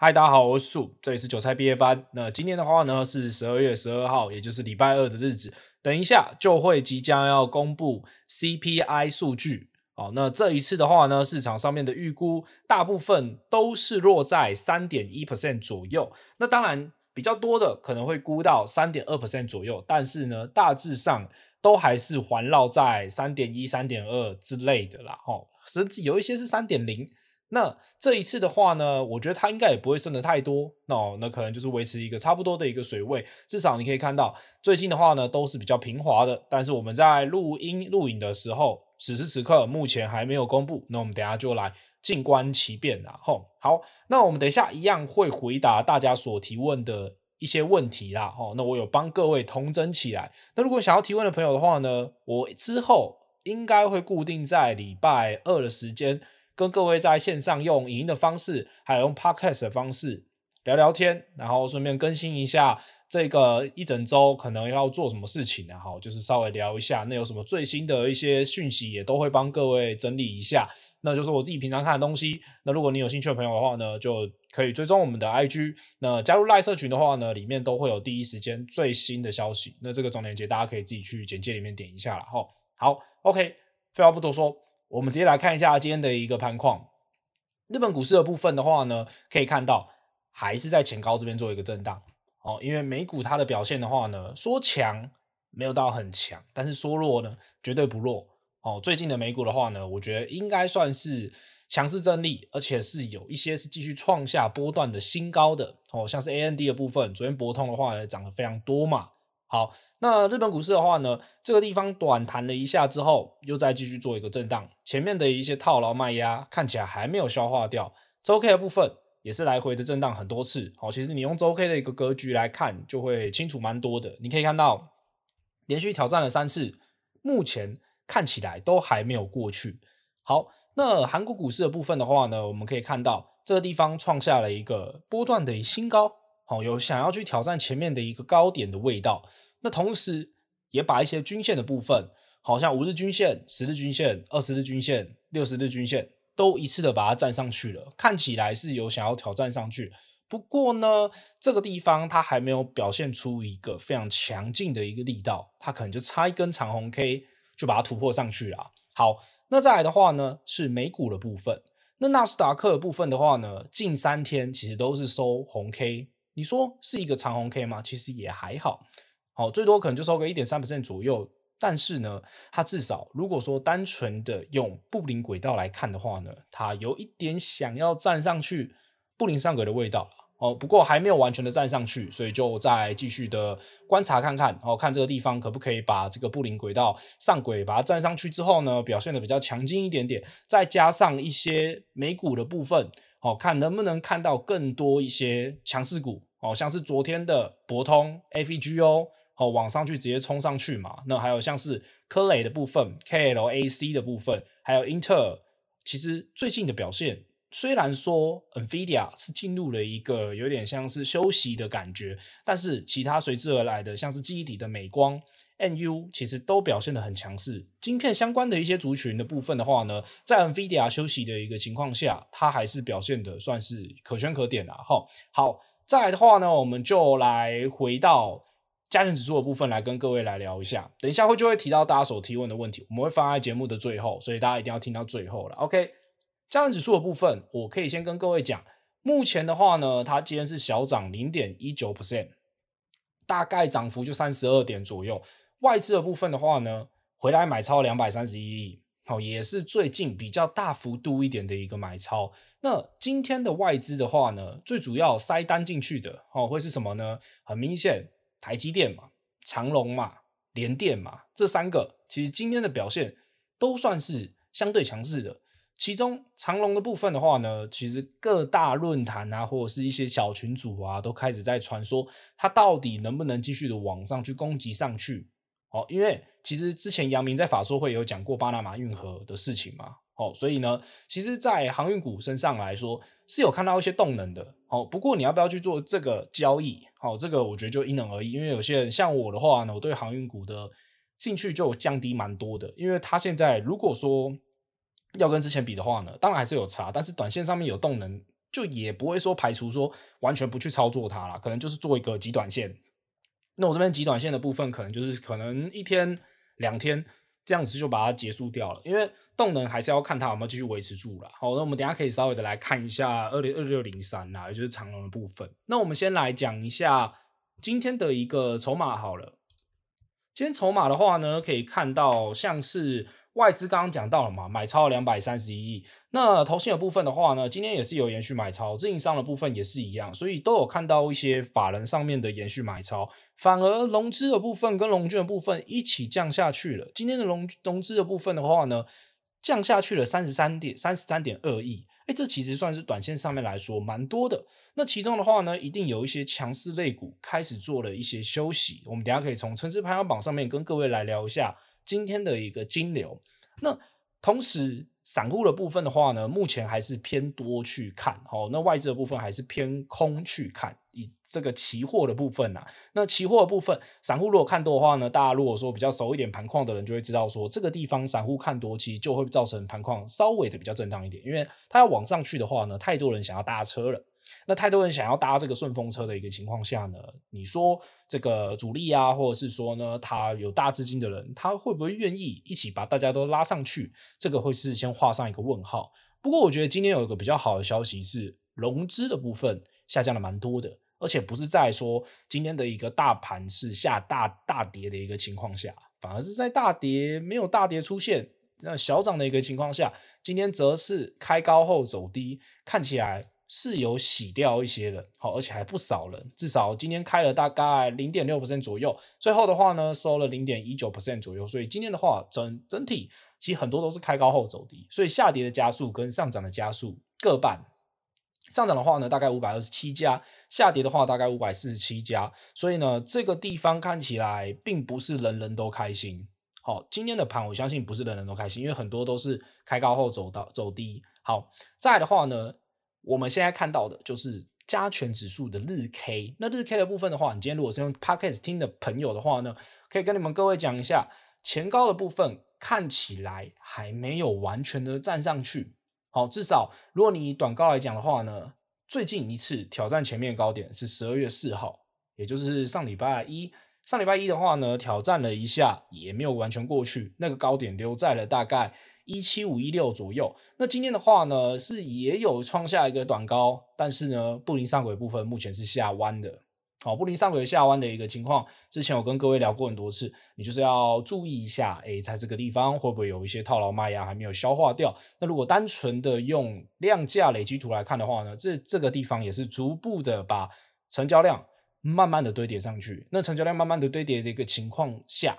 嗨，Hi, 大家好，我是叔，這裡是韭菜畢業班。那今天的話呢，是十二月十二號，也就是禮拜二的日子。等一下就會即將要公布 CPI 數據。那這一次的話呢，市場上面的預估大部分都是落在三點一 percent 左右。那當然比較多的可能會估到三點二 percent 左右，但是呢，大致上，都還是環繞在三點一、三點二之類的啦。哦，甚至有一些是三點零。那這一次的話呢，我覺得它應該也不會升的太多，那哦，那可能就是維持一個差不多的一個水位，至少你可以看到最近的話呢都是比較平滑的。但是我們在錄音錄影的時候，此時此刻目前還沒有公布，那我們等一下就來靜觀其變啦，吼、哦，好，那我們等一下一樣會回答大家所提問的一些問題啦，吼、哦，那我有幫各位統整起來，那如果想要提問的朋友的話呢，我之後應該會固定在禮拜二的時間。跟各位在線上用語音的方式，還有用 Podcast 的方式聊聊天，然後順便更新一下這個一整周可能要做什麼事情、啊，然後就是稍微聊一下那有什麼最新的一些訊息，也都會幫各位整理一下。那就是我自己平常看的東西。那如果你有興趣的朋友的話呢，就可以追蹤我們的 IG。那加入 Line 社群的話呢，裡面都會有第一時間最新的消息。那這個總鏈接大家可以自己去簡介裡面點一下了。哈，好，OK，廢話不多說。我們直接來看一下今天的一個盤況。日本股市的部分的話呢，可以看到還是在前高這邊做一個震盪哦。因為美股它的表現的話呢，說強沒有到很強，但是說弱呢，絕對不弱哦。最近的美股的話呢，我覺得應該算是強勢整理，而且是有一些是繼續創下波段的新高的哦，像是 AMD 的部分，昨天博通的話也漲得非常多嘛。好，那日本股市的話呢，這個地方短彈了一下之後，又再繼續做一個震盪，前面的一些套牢賣壓看起來還沒有消化掉。周 K 的部分也是來回的震盪很多次。好，其實你用周 K 的一個格局來看，就會清楚蠻多的。你可以看到，連續挑戰了三次，目前看起來都還沒有過去。好，那韓國股市的部分的話呢，我們可以看到這個地方創下了一個波段的新高。好，有想要去挑戰前面的一個高點的味道，那同時也把一些均線的部分，好像五日均線、十日均線、二十日均線、六十日均線都一次的把它站上去了，看起來是有想要挑戰上去。不過呢，這個地方它還沒有表現出一個非常強勁的一個力道，它可能就差一根長紅 K 就把它突破上去啦。好，那再來的話呢，是美股的部分，那納斯達克的部分的話呢，近三天其實都是收紅 K。你說是一個長紅 K 嗎？其實也還好，好，最多可能就收個一點三 percent 左右。但是呢，它至少如果說單純的用布林軌道來看的話呢，它有一點想要站上去布林上軌的味道哦。不過還沒有完全的站上去，所以就再繼續的觀察看看哦，看這個地方可不可以把這個布林軌道上軌把它站上去之後呢，表現得比較強勁一點點，再加上一些美股的部分。好，看能不能看到更多一些強勢股？哦，像是昨天的博通 AVGO，哦往上去直接衝上去嘛。那還有像是科磊的部分 KLAC 的部分，還有英特爾，其實最近的表現雖然說 NVIDIA 是進入了一個有點像是休息的感覺，但是其他隨之而來的像是記憶體的美光，N U 其實都表現得很強勢，晶片相關的一些族群的部分的話呢，在 NVIDIA 休息的一個情況下，它還是表現得算是可圈可點的。好，好，再來的話呢，我們就來回到加權指數的部分來跟各位來聊一下。等一下會就會提到大家所提問的問題，我們會放在節目的最後，所以大家一定要聽到最後了。O K，加權指數的部分，我可以先跟各位講，目前的話呢，它今天是小漲零點一九 percent，大概漲幅就三十二點左右。外資的部分的話呢，回來買超兩百三十一億，好，也是最近比較大幅度一點的一個買超。那今天的外資的話呢，最主要塞單進去的哦，會是什麼呢？很明顯，台積電嘛，長隆嘛，聯電嘛，這三個其實今天的表現都算是相對強勢的。其中長隆的部分的話呢，其實各大論壇啊，或者是一些小群組啊，都開始在傳說它到底能不能繼續的往上去攻擊上去。哦，因為其實之前陽明在法說會有講過巴拿馬運河的事情嘛，哦，所以呢，其實，在航運股身上來說，是有看到一些動能的。哦，不過你要不要去做這個交易？哦，這個我覺得就因人而異，因為有些人像我的話呢，我對航運股的興趣就有降低蠻多的，因為他現在如果說要跟之前比的話呢，當然還是有差，但是短線上面有動能，就也不會說排除說完全不去操作它啦，可能就是做一個極短線。那我這邊極短線的部分，可能就是可能一天、兩天這樣子就把它結束掉了，因為動能還是要看它有沒有繼續維持住了。好，那我們等一下可以稍微的來看一下二零二六零三啊，也就是長榮的部分。那我們先來講一下今天的一個籌碼好了。今天籌碼的話呢，可以看到像是。外資剛剛講到了嘛，買超兩百三十一億。那投信的部分的話呢，今天也是有延續買超，自營商的部分也是一樣，所以都有看到一些法人上面的延續買超。反而融資的部分跟融券的部分一起降下去了。今天的融融資的部分的話呢，降下去了三十三點三十三點二億。哎、欸，這其實算是短線上面來說蠻多的。那其中的話呢，一定有一些強勢類股開始做了一些休息。我們等一下可以從市值排行榜上面跟各位來聊一下。今天的一個金流，那同時散戶的部分的話呢，目前還是偏多去看，好、哦，那外資的部分還是偏空去看。以這個期貨的部分啊，那期貨的部分，散戶如果看多的話呢，大家如果說比較熟一點盤況的人就會知道說，說這個地方散戶看多，其實就會造成盤況稍微的比較震盪一點，因為它要往上去的話呢，太多人想要搭車了。那太多人想要搭這個順風車的一個情況下呢，你說這個主力啊，或者是說呢，他有大資金的人，他會不會願意一起把大家都拉上去？這個會是先畫上一個問號。不過我覺得今天有一個比較好的消息是，融資的部分下降了蠻多的，而且不是在說今天的一個大盤是下大大跌的一個情況下，反而是在大跌沒有大跌出現，那小漲的一個情況下，今天則是開高後走低，看起來。是有洗掉一些人，好，而且還不少人，至少今天開了大概零點六 percent 左右，最後的話呢，收了零點一九 percent 左右，所以今天的話，整整體其實很多都是開高後走低，所以下跌的加速跟上漲的加速各半，上漲的話呢，大概五百二十七家，下跌的話大概五百四十七家，所以呢，這個地方看起來並不是人人都開心，好，今天的盤我相信不是人人都開心，因為很多都是開高後走到走低，好，再的話呢。我們現在看到的就是加權指數的日 K。那日 K 的部分的話，你今天如果是用 Podcast 聽的朋友的話呢，可以跟你們各位講一下，前高的部分看起來還沒有完全的站上去。好，至少如果你短高來講的話呢，最近一次挑戰前面的高點是十二月四號，也就是上禮拜一。上禮拜一的話呢，挑戰了一下，也沒有完全過去，那個高點留在了大概。一七五一六左右，那今天的話呢，是也有創下一個短高，但是呢，布林上軌部分目前是下彎的，好，布林上軌下彎的一個情況，之前我跟各位聊過很多次，你就是要注意一下，誒，在這個地方會不會有一些套牢賣壓還沒有消化掉？那如果單純的用量價累積圖來看的話呢，這這個地方也是逐步的把成交量慢慢的堆疊上去，那成交量慢慢的堆疊的一個情況下。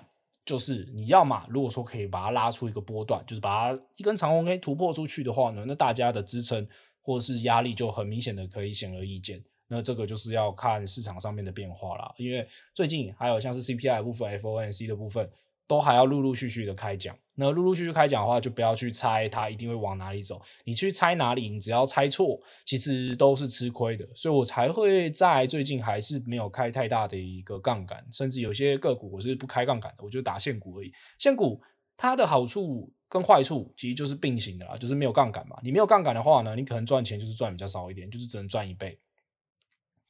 就是你要嘛，如果說可以把它拉出一個波段，就是把它一根長紅 K 突破出去的話呢，那大家的支撐或是壓力就很明顯的可以顯而易見。那這個就是要看市場上面的變化啦，因為最近還有像是 CPI 部分、FOMC 的部分。都還要陸陸續續的開獎，那陸陸續續開獎的話，就不要去猜它一定會往哪裡走。你去猜哪裡，你只要猜錯，其實都是吃虧的。所以，我才會在最近還是沒有開太大的一個槓桿，甚至有些個股我是不開槓桿的，我就打現股而已。現股它的好處跟壞處其實就是並行的啦，就是沒有槓桿嘛。你沒有槓桿的話呢，你可能賺錢就是賺比較少一點，就是只能賺一倍。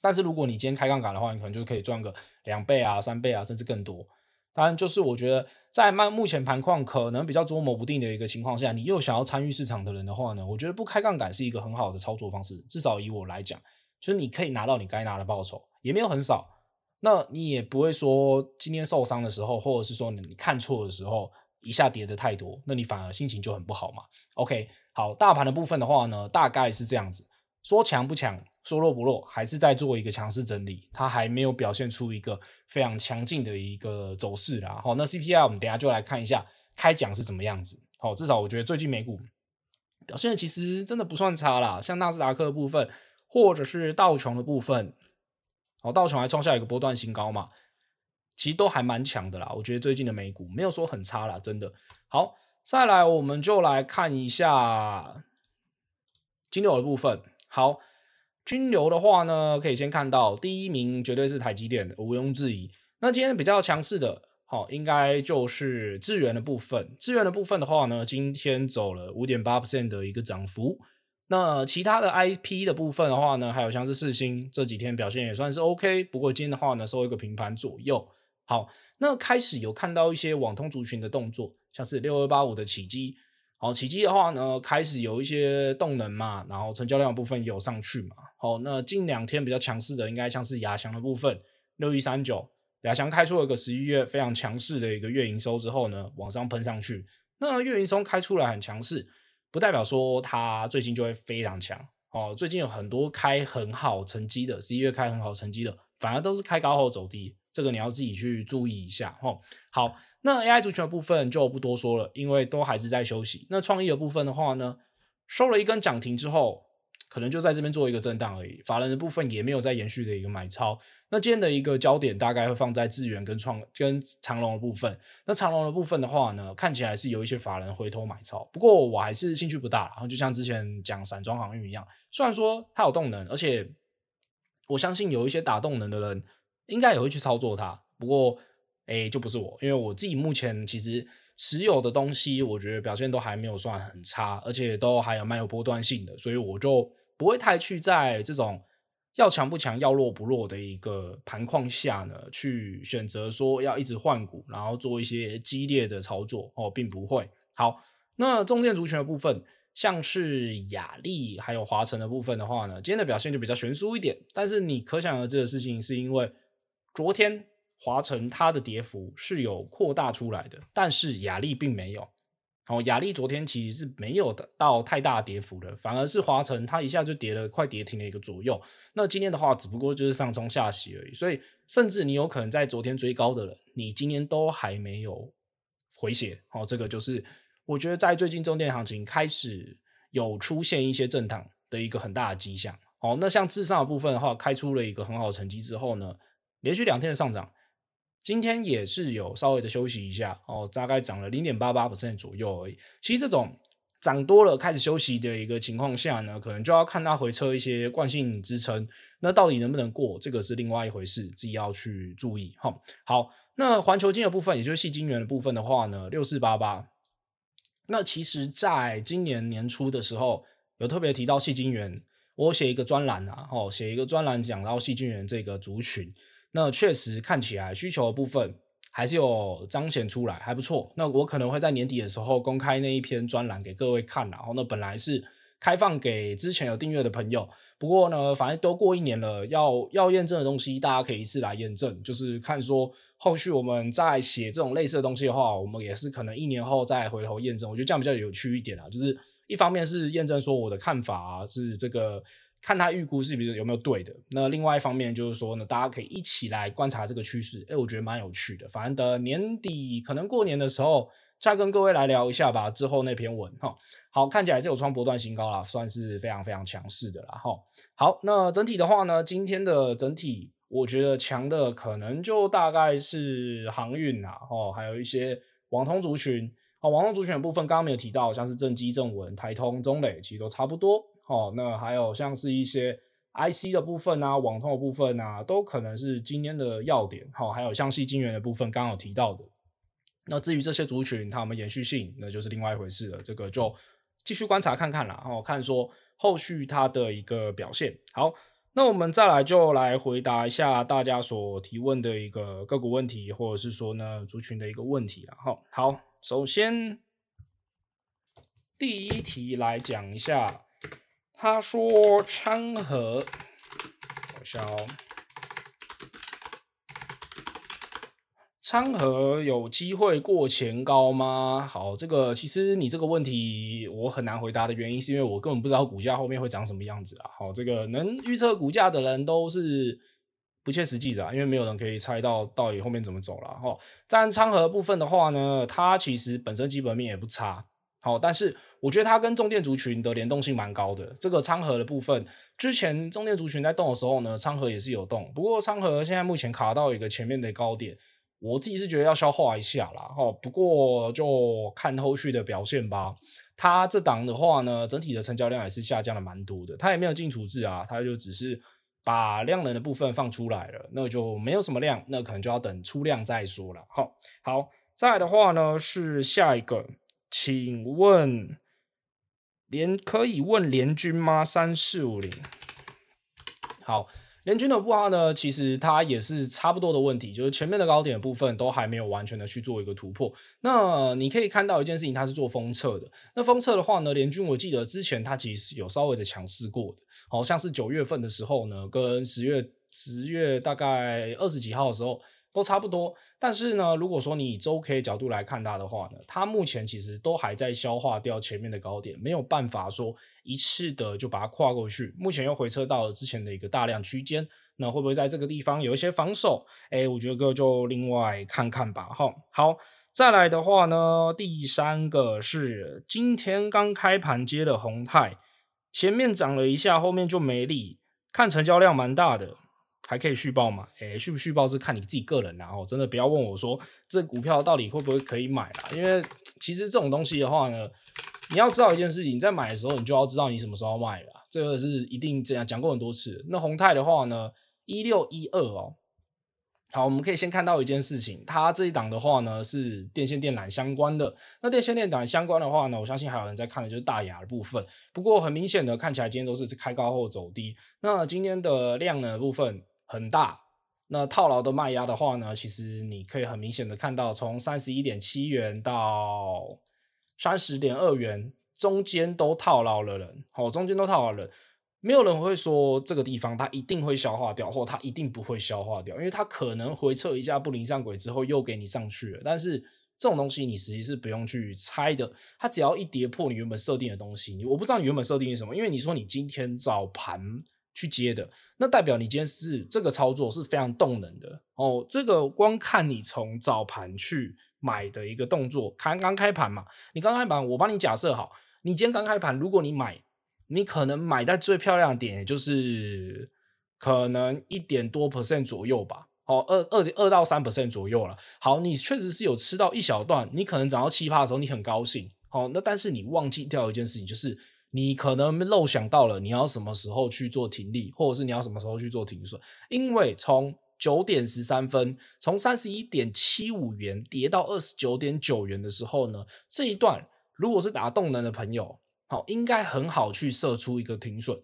但是如果你今天開槓桿的話，你可能就可以賺個兩倍啊、三倍啊，甚至更多。當然，就是我覺得在慢目前盤況可能比較捉摸不定的一個情況下，你又想要參與市場的人的話呢，我覺得不開槓桿是一個很好的操作方式。至少以我來講，就是你可以拿到你該拿的報酬，也沒有很少，那你也不會說今天受傷的時候，或者是說你看錯的時候，一下跌得太多，那你反而心情就很不好嘛。OK，好，大盤的部分的話呢，大概是這樣子，說強不強？說弱不弱，還是在做一個強勢整理，它還沒有表現出一個非常強勁的一個走勢啦。好，那 CPI 我們等下就來看一下開獎是怎麼樣子？好，至少我覺得最近美股表現的其實真的不算差啦，像納斯達克的部分或者是道瓊的部分，好，道瓊還創下一個波段新高嘛，其實都還蠻強的啦。我覺得最近的美股沒有說很差啦，真的。好，再來我們就來看一下金流的部分。好。金流的話呢，可以先看到第一名絕對是台積電，毋庸置疑。那今天比較強勢的，好，應該就是智原的部分。智原的部分的話呢，今天走了五點八%的一個漲幅。那其他的 I P 的部分的話呢，還有像是世芯，這幾天表現也算是 O K。不過今天的話呢，收一個平盤左右。好，那開始有看到一些網通族群的動作，像是六二八五的啟碁。好，奇蹟的話呢，開始有一些動能嘛，然後成交量的部分也有上去嘛。好，那近兩天比較強勢的，應該像是亞翔的部分，六一三九，亞翔開出了一個十一月非常強勢的一個月營收之後呢，往上噴上去。那月營收開出來很強勢，不代表說它最近就會非常強。哦，最近有很多開很好成績的，十一月開很好成績的，反而都是開高後走低。這個你要自己去注意一下哦。好，那 AI 族群的部分就不多說了，因為都還是在休息。那創意的部分的話呢，收了一根漲停之後，可能就在這邊做一個震盪而已。法人的部分也沒有再延續的一個買超。那今天的一個焦點大概會放在智原跟創跟長龍的部分。那長龍的部分的話呢，看起來是有一些法人回頭買超，不過我還是興趣不大。然後就像之前講散裝航運一樣，雖然說它有動能，而且我相信有一些打動能的人。應該也會去操作它，不過，哎、欸，就不是我，因為我自己目前其實持有的東西，我覺得表現都還沒有算很差，而且都還有蠻有波段性的，所以我就不會太去在這種要強不強、要弱不弱的一個盤況下呢，去選擇說要一直換股，然後做一些激烈的操作哦，並不會。好，那重電族群的部分，像是亞力還有華城的部分的話呢，今天的表現就比較懸殊一點，但是你可想而知的事情，是因為。昨天華城它的跌幅是有擴大出來的，但是亞力並沒有。好、哦，亞力昨天其實是沒有的到太大的跌幅的，反而是華城它一下就跌了快跌停了一個左右。那今天的話，只不過就是上沖下洗而已。所以，甚至你有可能在昨天追高的了，你今天都還沒有回血。好、哦，這個就是我覺得在最近重電行情開始有出現一些震盪的一個很大的跡象。好、哦，那像至上的部分的話，開出了一個很好的成績之後呢，連續兩天的上漲，今天也是有稍微的休息一下哦，大概漲了零點八八%左右而已。其實這種漲多了開始休息的一個情況下呢，可能就要看它回撤一些慣性支撐，那到底能不能過，這個是另外一回事，自己要去注意。好、哦，好，那環球晶的部分，也就是矽晶圓的部分的話呢，六四八八。那其實在今年年初的時候，有特別提到矽晶圓，我寫一個專欄啊，哦，寫一個專欄講到矽晶圓這個族群。那確實看起來需求的部分還是有彰顯出來，還不錯。那我可能會在年底的時候公開那一篇專欄給各位看。然後那本來是開放給之前有訂閱的朋友，不過呢，反正都過一年了，要要驗證的東西，大家可以一次來驗證。就是看說後續我們再寫這種類似的東西的話，我們也是可能一年後再回頭驗證。我覺得這樣比較有趣一點啊，就是一方面是驗證說我的看法啊，是這個。看他預估是，比如有沒有對的。那另外一方面就是說呢，大家可以一起來觀察這個趨勢，哎、欸，我覺得蠻有趣的。反正等年底可能過年的時候，再跟各位來聊一下吧。之後那篇文哈，好，看起來是有創波段新高啦，算是非常非常強勢的了哈。好，那整體的話呢，今天的整體我覺得強的可能就大概是航運啦，哦，還有一些網通族群啊，網通族群的部分剛剛沒有提到，像是正機、正文、台通、中磊，其實都差不多。好、哦，那還有像是一些 IC 的部分啊，網通的部分啊，都可能是今天的要點。好、哦，還有像矽晶圓的部分，剛好提到的。那至於這些族群，它們延續性那就是另外一回事了。這個就繼續觀察看看了，然後、哦、看說後續它的一個表現。好，那我們再來就來回答一下大家所提問的一個個股問題，或者是說呢族群的一個問題了。好、哦，好，首先第一題來講一下。他說：“昌河、哦，好笑。昌河有機會過前高嗎？好，這個其實你這個問題我很難回答的原因，是因為我根本不知道股價後面會長什麼樣子啊。好，這個能預測股價的人都是不切實際的、啊，因為沒有人可以猜到到底後面怎麼走了。好，但昌河部分的話呢，它其實本身基本面也不差。”好，但是我覺得它跟重電族群的聯動性蠻高的。這個倉核的部分，之前重電族群在動的時候呢，倉核也是有動。不過倉核現在目前卡到一個前面的高點，我自己是覺得要消化一下啦，好，不過就看後續的表現吧。它這檔的話呢，整體的成交量也是下降了蠻多的。它也沒有進處置啊，它就只是把量能的部分放出來了，那就沒有什麼量，那可能就要等出量再說了。好，好，再來的話呢是下一個。請問連可以問聯鈞嗎？三四五零。好，聯鈞的話呢，其實它也是差不多的問題，就是前面的高點的部分都還沒有完全的去做一個突破。那你可以看到一件事情，它是做封測的。那封測的話呢，聯鈞我記得之前它其實有稍微的強勢過的，好像是九月份的時候呢，跟十月十月大概二十幾號的時候。都差不多，但是呢，如果說你以周 K 角度來看它的話呢，它目前其實都還在消化掉前面的高點，沒有辦法說一次的就把它跨過去。目前又回撤到了之前的一個大量區間，那會不會在這個地方有一些防守？哎，我覺得就另外看看吧。哈，好，再來的話呢，第三個是今天剛開盤接的宏泰，前面漲了一下，後面就沒力，看成交量蠻大的。還可以續抱嘛？哎、欸，續不續抱是看你自己個人然後、啊、喔，真的不要問我說這股票到底會不會可以買啦，因為其實這種東西的話呢，你要知道一件事情，你在買的時候你就要知道你什麼時候賣啦。這個是一定這樣講過很多次。那宏泰的話呢，一六一二哦，好，我們可以先看到一件事情，它這一檔的話呢是電線電纜相關的。那電線電纜相關的話呢，我相信還有人在看的就是大亞的部分。不過很明顯的看起來，今天都是開高後走低。那今天的量呢部分，很大，那套牢的賣壓的話呢，其實你可以很明顯的看到，從三十一點七元到三十點二元，中間都套牢了人，好，中間都套牢了人，沒有人會說這個地方它一定會消化掉，或它一定不會消化掉，因為它可能回撤一下布林上軌之後又給你上去了。但是這種東西你實際是不用去猜的，它只要一跌破你原本設定的東西，我不知道你原本設定是什麼，因為你說你今天早盤。去接的，那代表你今天是這個操作是非常動能的哦。這個光看你從早盤去買的一個動作，看剛，剛開盤嘛。你剛開盤，我幫你假設好，你今天剛開盤，如果你買，你可能買在最漂亮的點，也就是可能一點多 percent 左右吧。哦，二二點二到三 percent 左右了。好，你確實是有吃到一小段，你可能漲到七趴的時候，你很高興。好，哦，那但是你忘記掉一件事情，就是。你可能漏想到了，你要什麼時候去做停利，或者是你要什麼時候去做停損？因為從九點十三分，從三十一點七五元跌到二十九點九元的時候呢，這一段如果是打動能的朋友，好，應該很好去設出一個停損。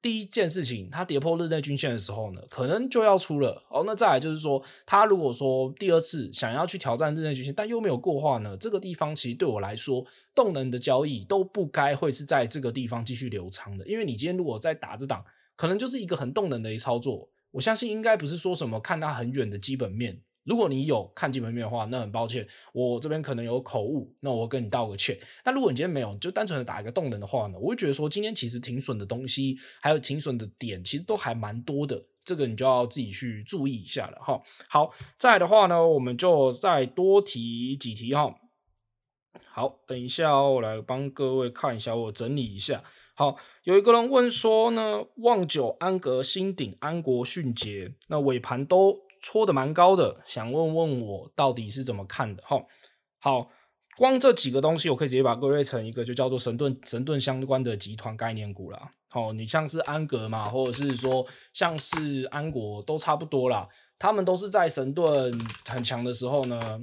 第一件事情，它跌破日內均線的時候呢，可能就要出了。哦，那再來就是說，它如果說第二次想要去挑戰日內均線，但又沒有過話呢，這個地方其實對我來說，動能的交易都不該會是在這個地方繼續留倉的，因為你今天如果在打這檔，可能就是一個很動能的一操作，我相信應該不是說什麼看它很遠的基本面。如果你有看基本面的話，那很抱歉，我這邊可能有口誤，那我跟你道個歉。那如果你今天沒有，就單純的打一個動能的話呢，我會覺得說今天其實停損的東西，還有停損的點，其實都還蠻多的，這個你就要自己去注意一下了哈。好，再來的話呢，我們就再多提幾題哈。好，等一下哦，我來幫各位看一下，我整理一下。好，有一個人問說呢，旺玖、安格、新鼎、安國、迅捷，那尾盤都，戳得蠻高的，想問問我到底是怎麼看的？哈、哦，好，光這幾個東西，我可以直接把歸類成一個就叫做神盾，神盾相關的集團概念股啦，好、哦，你像是安格嘛，或者是說像是安國，都差不多啦。他們都是在神盾很強的時候呢，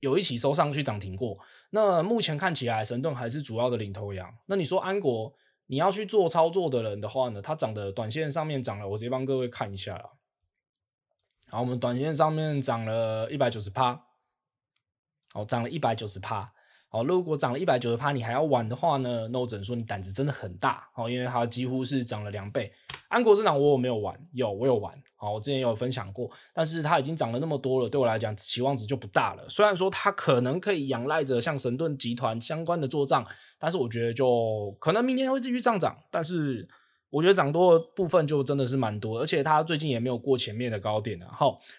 有一起收上去漲停過。那目前看起來，神盾還是主要的領頭羊。那你說安國，你要去做操作的人的話呢，它漲的短線上面漲了，我直接幫各位看一下啦。然後我們短線上面漲了一百九十趴，好，漲了一百九十趴，好，如果漲了一百九十趴，你還要玩的話呢？那我只能說你膽子真的很大，因為它幾乎是漲了兩倍。安國證券我有沒有玩？有，我有玩，好，我之前有分享過，但是它已經漲了那麼多了，對我來講期望值就不大了。雖然說它可能可以仰賴着像神盾集團相關的做賬，但是我覺得就可能明天會繼續上漲，但是。我覺得漲多的部分就真的是蠻多，而且它最近也沒有過前面的高點的、啊。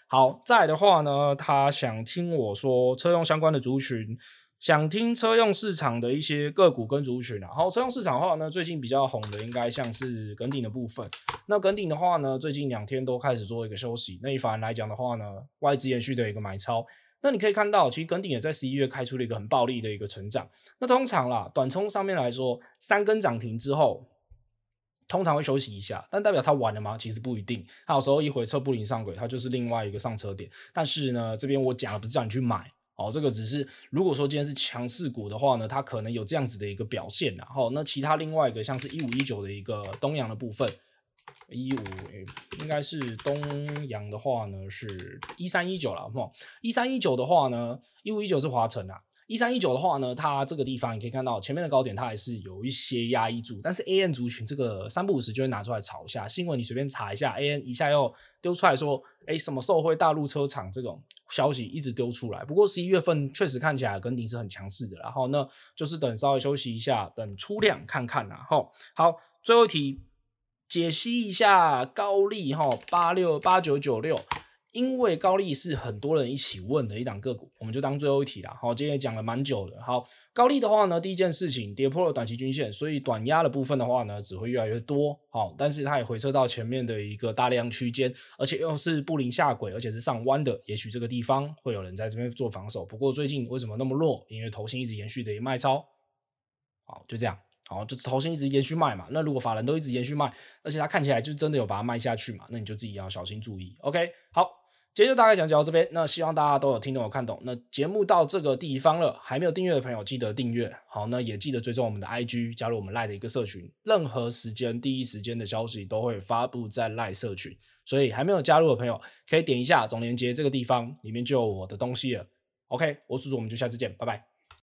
好，再來的話呢，他想聽我說車用相關的族群，想聽車用市場的一些個股跟族群、啊。然後車用市場的話呢，最近比較紅的應該像是耿鼎的部分。那耿鼎的話呢，最近兩天都開始做一個休息。那一反而來講的話呢，外資延續的一個買超。那你可以看到，其實耿鼎也在十一月開出了一個很暴力的一個成長。那通常啦，短衝上面來說，三根漲停之後，通常會休息一下，但代表它完了嗎？其實不一定。它有時候一回撤布林上軌，它就是另外一個上車點。但是呢，這邊我講了，不是叫你去買哦。這個只是如果說今天是強勢股的話呢，它可能有這樣子的一個表現。然後、哦、那其他另外一個像是一五一九的一個東陽的部分，一五、欸、應該是東陽的話呢是一三一九了。一三一九的話呢，一五一九是華城啊。一三一九的話呢，它這個地方你可以看到前面的高點，它還是有一些壓抑住，但是 A N 族群這個三不五時就會拿出來炒一下。新聞你隨便查一下，A N 一下又丟出來說，哎、欸，什麼受惠大陸車廠這種消息一直丟出來。不過十一月份確實看起來跟你是很強勢的，然後呢，那就是等稍微休息一下，等出量看看啦。哈，好，最後一題，解析一下高力哈八六八九九六。86, 因為高力是很多人一起問的一檔個股，我們就當最後一題啦。好，今天也講了蠻久的。好，高力的話呢，第一件事情跌破了短期均線，所以短壓的部分的話呢，只會越來越多。好，但是它也回撤到前面的一個大量區間，而且又是布林下軌，而且是上彎的，也許這個地方會有人在這邊做防守。不過最近為什麼那麼弱？因為投信一直延續地賣超。好，就這樣。好，就是投信一直延續賣嘛。那如果法人都一直延續賣，而且它看起來就真的有把它賣下去嘛，那你就自己要小心注意。OK，好。今天就大概講解到這邊，那希望大家都有聽懂有看懂。那節目到這個地方了，還沒有訂閱的朋友記得訂閱。好，那也記得追蹤我們的 IG，加入我們 Line 的一個社群。任何時間第一時間的消息都會發布在 Line 社群，所以還沒有加入的朋友可以點一下總連結這個地方，裡面就有我的東西了。OK，我是叔叔，我們就下次見，拜拜。